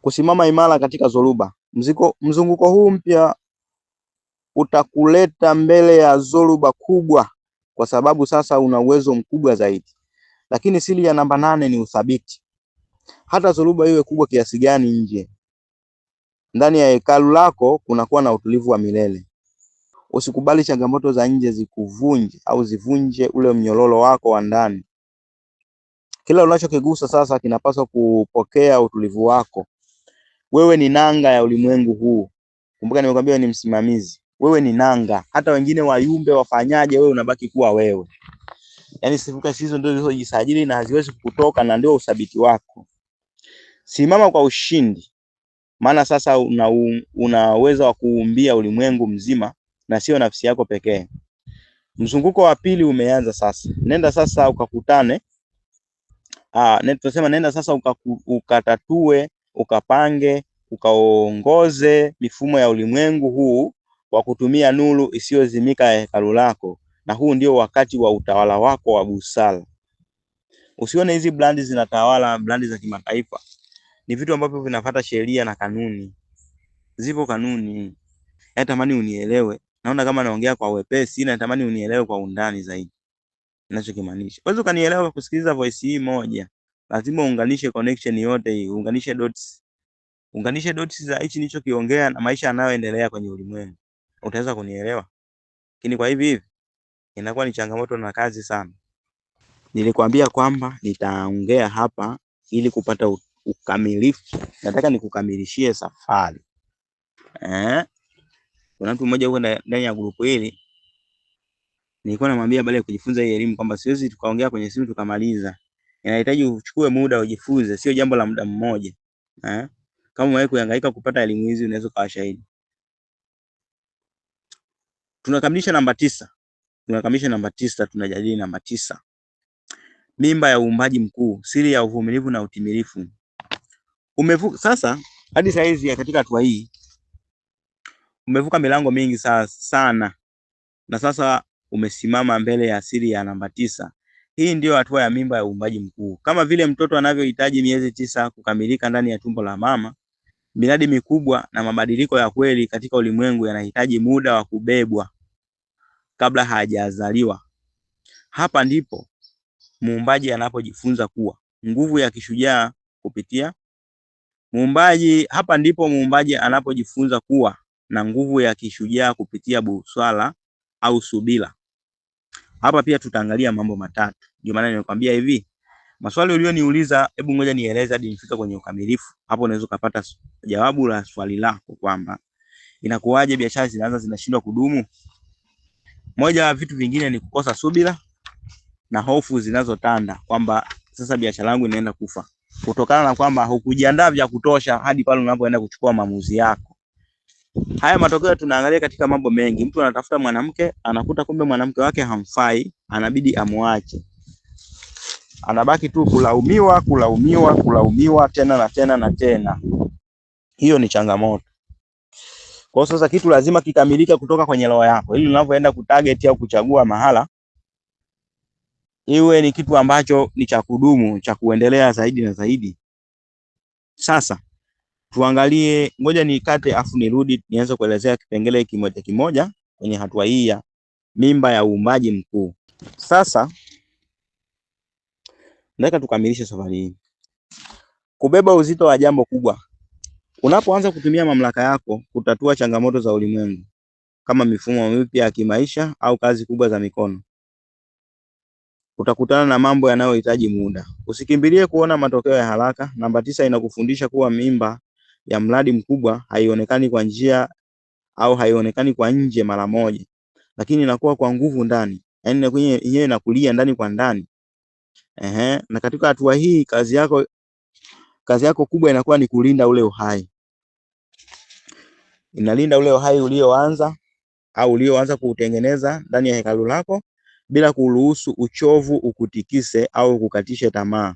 kusimama imara katika zoruba. Mziko, mzunguko huu mpya utakuleta mbele ya zoruba kubwa, kwa sababu sasa una uwezo mkubwa zaidi. Lakini siri ya namba nane ni uthabiti. Hata zoruba iwe kubwa kiasi gani nje, ndani ya hekalu lako kunakuwa na utulivu wa milele. Usikubali changamoto za nje zikuvunje au zivunje ule mnyororo wako wa ndani. Kila unachokigusa sasa kinapaswa kupokea utulivu wako. Wewe ni nanga ya ulimwengu huu. Kumbuka nimekwambia ni msimamizi. Wewe ni nanga, hata wengine wayumbe wafanyaje, wewe unabaki kuwa wewe. Yaani sifuka hizo ndio zilizojisajili na haziwezi kutoka, na ndio uthabiti wako. Simama kwa ushindi, maana sasa una, una uwezo wa kuumbia ulimwengu mzima na sio nafsi yako pekee. Mzunguko wa pili umeanza sasa. Nenda sasa ukakutane. Ah, tunasema nenda sasa ukaku, ukatatue ukapange, ukaongoze mifumo ya ulimwengu huu kwa kutumia nuru isiyozimika ya hekalu lako, na huu ndio wakati wa utawala wako wa busara. Usione hizi brandi zinatawala, brandi za kimataifa ni vitu ambavyo vinafata sheria na kanuni. Zipo kanuni, natamani unielewe. Naona kama naongea kwa wepesi, na natamani unielewe kwa undani zaidi ninachokimaanisha. Uweze ukanielewa kusikiliza voice hii moja lazima uunganishe connection yote hii, uunganishe dots, uunganishe dots za hichi nicho kiongea na maisha yanayoendelea kwenye ulimwengu, utaweza kunielewa. Lakini kwa hivi hivi inakuwa ni changamoto na kazi sana. Nilikwambia kwamba nitaongea hapa ili kupata ukamilifu, nataka nikukamilishie safari eh. Kuna mtu mmoja huko ndani ya grupu hili nilikuwa namwambia baada ya kujifunza hii elimu kwamba siwezi tukaongea kwenye simu tukamaliza, inahitaji uchukue muda ujifunze, sio jambo la muda mmoja eh? Kama wewe kuhangaika kupata elimu hizi unaweza kuwa shahidi. Tunakamilisha namba tisa, tunakamilisha namba tisa, tunajadili namba tisa, mimba ya uumbaji mkuu, siri ya uvumilivu na utimilifu. Umevuka sasa, hadi hizi katika hatua hii umevuka milango mingi sana, na sasa umesimama mbele ya siri ya namba tisa hii ndiyo hatua ya mimba ya uumbaji mkuu. Kama vile mtoto anavyohitaji miezi tisa kukamilika ndani ya tumbo la mama, miradi mikubwa na mabadiliko ya kweli katika ulimwengu yanahitaji muda wa kubebwa kabla hajazaliwa. Hapa ndipo muumbaji anapojifunza kuwa nguvu ya kishujaa kupitia muumbaji. Hapa ndipo muumbaji anapojifunza kuwa na nguvu ya kishujaa kupitia busara au subira. Hapa pia tutaangalia mambo matatu. Ndio maana nimekwambia hivi, maswali ulioniuliza, hebu ngoja nieleze hadi nifike kwenye ukamilifu. Hapo unaweza kupata jawabu la swali lako kwamba inakuwaje biashara zinaanza zinashindwa kudumu. Moja ya vitu vingine ni kukosa subira na hofu zinazotanda kwamba sasa biashara yangu inaenda kufa, kutokana na kwamba hukujiandaa vya kutosha hadi pale unapoenda kuchukua maamuzi yako. Haya matokeo tunaangalia katika mambo mengi. Mtu anatafuta mwanamke, anakuta kumbe mwanamke wake hamfai, anabidi amwache. Anabaki tu kulaumiwa, kulaumiwa, kulaumiwa tena na tena na tena. Hiyo ni changamoto. Kwa sasa kitu lazima kikamilike kutoka kwenye roho yako, ili unavyoenda kutarget au kuchagua mahala iwe ni kitu ambacho ni cha kudumu, cha kuendelea zaidi na zaidi. Sasa Tuangalie, ngoja nikate afu nirudi nianze kuelezea kipengele kimoja kimoja kwenye hatua hii ya mimba ya uumbaji mkuu. Sasa nataka tukamilishe safari hii. Kubeba uzito wa jambo kubwa. Unapoanza kutumia mamlaka yako kutatua changamoto za ulimwengu kama mifumo mipya ya kimaisha au kazi kubwa za mikono, utakutana na mambo yanayohitaji muda. Usikimbilie kuona matokeo ya haraka. Namba tisa inakufundisha kuwa mimba ya mradi mkubwa haionekani kwa njia au haionekani kwa nje mara moja, lakini inakuwa kwa nguvu ndani, yaani yenyewe inakulia ndani kwa ndani. Ehe, na katika hatua hii kazi yako kazi yako kubwa inakuwa ni kulinda ule uhai, inalinda ule uhai ulioanza au ulioanza kuutengeneza ndani ya hekalu lako bila kuruhusu uchovu ukutikise au kukatishe tamaa.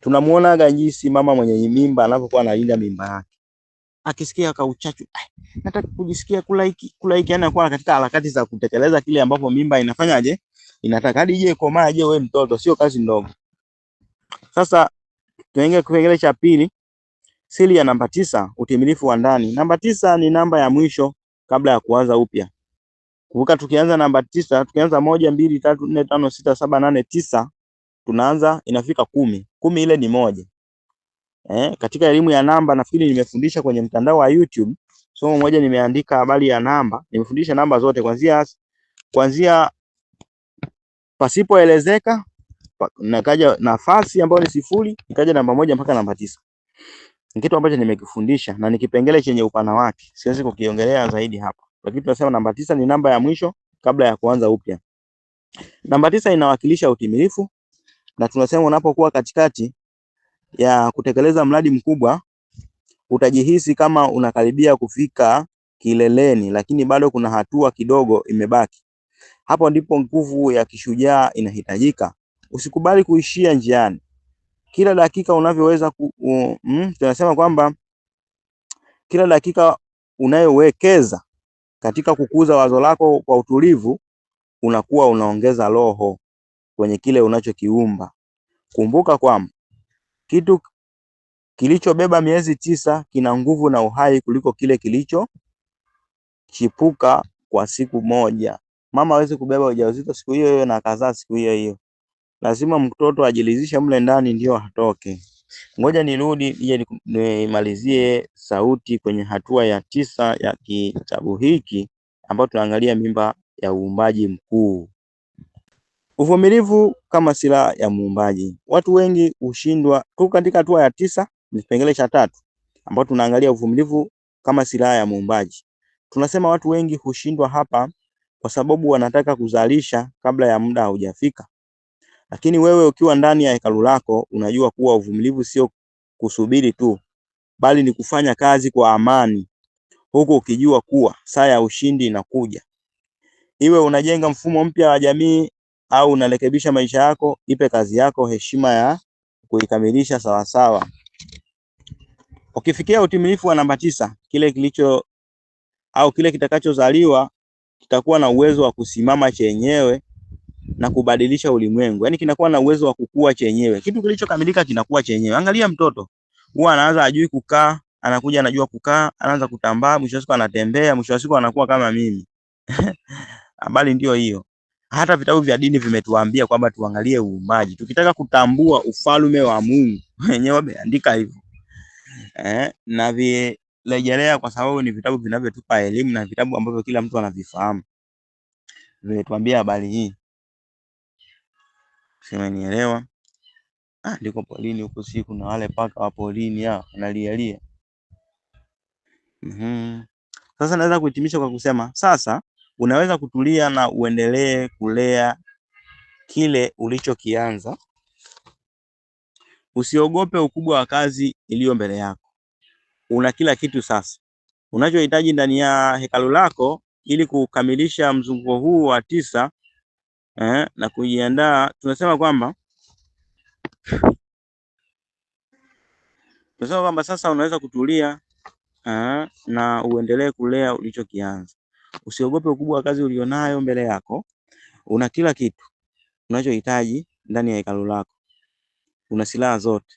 Tunamuonaga jinsi mama mwenye mimba anapokuwa analinda mimba yake, akisikia kauchachu, nataka kujisikia kulaiki kulaiki, kula hiki, anakuwa katika harakati za kutekeleza kile ambapo mimba inafanyaje, inataka hadi je komaa je, wewe mtoto, sio kazi ndogo. Sasa tuingie kipengele cha pili, siri ya namba tisa, utimilifu wa ndani. Namba tisa ni namba ya mwisho kabla ya kuanza upya. Kumbuka tukianza namba tisa, tukianza moja, mbili, tatu, nne, tano, sita, saba, nane, tisa tunaanza inafika kumi. Kumi ile ni moja. Eh, katika elimu ya namba nafikiri nimefundisha kwenye mtandao wa YouTube somo moja, nimeandika habari ya namba, nimefundisha namba zote kuanzia kuanzia pasipoelezeka nakaja nafasi ambayo ni sifuri nikaja namba moja mpaka namba tisa. Ni kitu ambacho nimekifundisha na ni kipengele chenye upana wake, siwezi kukiongelea zaidi hapa, lakini tunasema namba tisa ni namba ya mwisho kabla ya kuanza upya. Namba tisa inawakilisha utimilifu, na tunasema unapokuwa katikati ya kutekeleza mradi mkubwa utajihisi kama unakaribia kufika kileleni, lakini bado kuna hatua kidogo imebaki. Hapo ndipo nguvu ya kishujaa inahitajika. Usikubali kuishia njiani. Kila dakika unavyoweza ku, um, tunasema kwamba kila dakika unayowekeza katika kukuza wazo lako kwa utulivu unakuwa unaongeza roho kwenye kile unachokiumba. Kumbuka kwamba kitu kilichobeba miezi tisa kina nguvu na uhai kuliko kile kilichochipuka kwa siku moja. Mama hawezi kubeba ujauzito siku hiyo hiyo na kazaa siku hiyo hiyo. Lazima mtoto ajilizishe mle ndani ndio atoke. Ngoja nirudi ije nimalizie sauti kwenye hatua ya tisa ya kitabu hiki ambayo tunaangalia mimba ya uumbaji mkuu. Uvumilivu kama silaha ya muumbaji. Watu wengi hushindwa. tu katika hatua ya tisa, ni kipengele cha tatu, ambapo tunaangalia uvumilivu kama silaha ya muumbaji. Tunasema watu wengi hushindwa hapa kwa sababu wanataka kuzalisha kabla ya muda haujafika. Lakini wewe ukiwa ndani ya hekalu lako unajua kuwa uvumilivu sio kusubiri tu, bali ni kufanya kazi kwa amani, huku ukijua kuwa saa ya ushindi inakuja. Iwe unajenga mfumo mpya wa jamii au unarekebisha maisha yako, ipe kazi yako heshima ya kuikamilisha sawasawa. Ukifikia utimilifu wa namba tisa, kile kilicho au kile kitakachozaliwa kitakuwa na uwezo wa kusimama chenyewe na kubadilisha ulimwengu. Yaani kinakuwa na uwezo wa kukua chenyewe. Kitu kilichokamilika kinakuwa chenyewe. Angalia mtoto. Huwa anaanza ajui kukaa, anakuja anajua kukaa, anaanza kutambaa, mwisho wa siku anatembea, mwisho wa siku anakuwa kama mimi. Habari ndio hiyo. Hata vitabu vya dini vimetuambia kwamba tuangalie uumbaji. Tukitaka kutambua ufalme wa Mungu, wenyewe wameandika hivyo. Eh, na virejelea kwa sababu ni vitabu vinavyotupa elimu na vitabu ambavyo kila mtu anavifahamu. Vimetuambia habari hii. Sema nielewa. Ah, ndiko polini huko, si kuna wale paka wa polini hao ah, wanalialia. Mhm. Mm. Sasa naweza kuhitimisha kwa kusema sasa unaweza kutulia na uendelee kulea kile ulichokianza. Usiogope ukubwa wa kazi iliyo mbele yako. Una kila kitu sasa. Unachohitaji ndani ya hekalu lako ili kukamilisha mzunguko huu wa tisa eh, na kujiandaa, tunasema kwamba tunasema kwamba sasa unaweza kutulia eh, na uendelee kulea ulichokianza. Usiogope ukubwa wa kazi ulionayo mbele yako. Una kila kitu unachohitaji ndani ya hekalu lako. Una silaha zote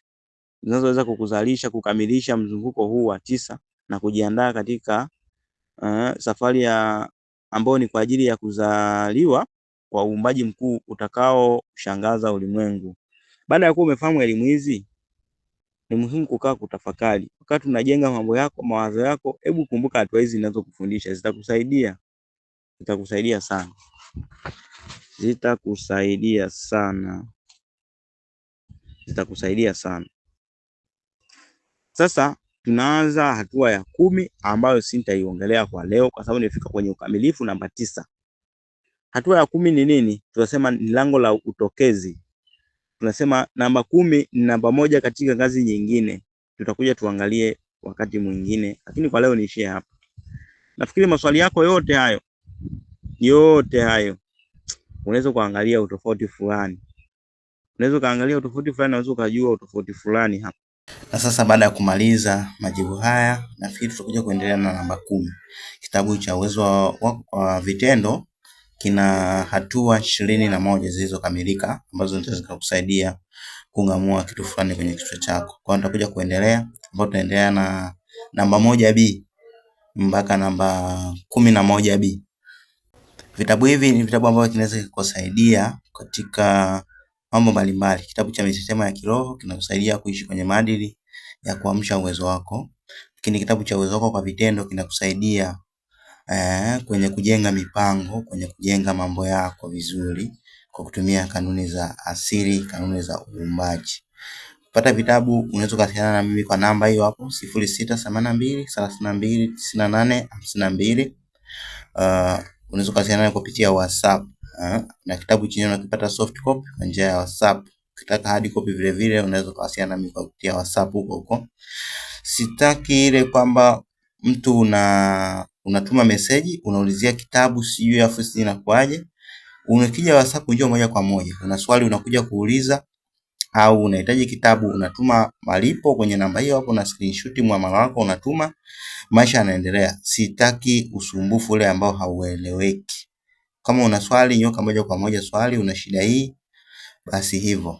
zinazoweza kukuzalisha kukamilisha mzunguko huu wa tisa na kujiandaa katika uh, safari ya ambayo ni kwa ajili ya kuzaliwa kwa uumbaji mkuu utakaoshangaza ulimwengu. Baada ya kuwa umefahamu elimu hizi ni muhimu kukaa kutafakari. Wakati unajenga mambo yako, mawazo yako, hebu kumbuka hatua hizi ninazokufundisha, zitakusaidia zitakusaidia sana, zitakusaidia sana, zitakusaidia sana. Sasa tunaanza hatua ya kumi ambayo sintaiongelea kwa leo, kwa sababu nimefika kwenye ukamilifu namba tisa. Hatua ya kumi ni nini? Tunasema ni lango la utokezi tunasema namba kumi ni namba moja katika ngazi nyingine. Tutakuja tuangalie wakati mwingine, lakini kwa leo niishie hapa. Nafikiri maswali yako yote hayo yote hayo unaweza kuangalia utofauti fulani, unaweza kaangalia utofauti fulani, unaweza ukajua utofauti fulani hapa. Na sasa baada ya kumaliza majibu haya, nafikiri tutakuja kuendelea na namba kumi, kitabu cha uwezo wa, wa, wa vitendo Kina hatua ishirini na moja zilizokamilika ambazo zitakusaidia kung'amua kitu fulani kwenye kichwa chako. Kwa hiyo tutakuja kuendelea ambapo tunaendelea na namba moja B mpaka namba kumi na moja B. Vitabu hivi ni vitabu ambavyo kinaweza kukusaidia katika mambo mbalimbali. Kitabu cha misitema ya kiroho kinakusaidia kuishi kwenye maadili ya kuamsha uwezo wako, lakini kitabu cha uwezo wako kwa vitendo kinakusaidia eh, kwenye kujenga mipango, kwenye kujenga mambo yako vizuri kwa kutumia kanuni za asili, kanuni za uumbaji. Kupata vitabu unaweza kuwasiliana na mimi kwa namba hiyo hapo sifuri sita themanini na mbili eh, Unaweza kuwasiliana kupitia WhatsApp uh, na kitabu chenyewe unakipata soft copy kwa njia ya WhatsApp. Ukitaka hard copy vile vile unaweza kuwasiliana nami kwa kupitia WhatsApp huko huko. Sitaki ile kwamba mtu una unatuma meseji, unaulizia kitabu sijui afu sijui inakuaje. Unakija WhatsApp unajua moja kwa moja, una swali unakuja kuuliza au unahitaji kitabu unatuma malipo kwenye namba hiyo hapo, na screenshot muamala wako unatuma, maisha yanaendelea. Sitaki usumbufu ule ambao haueleweki. Kama una swali nyoka moja kwa moja swali, una shida hii, basi hivyo.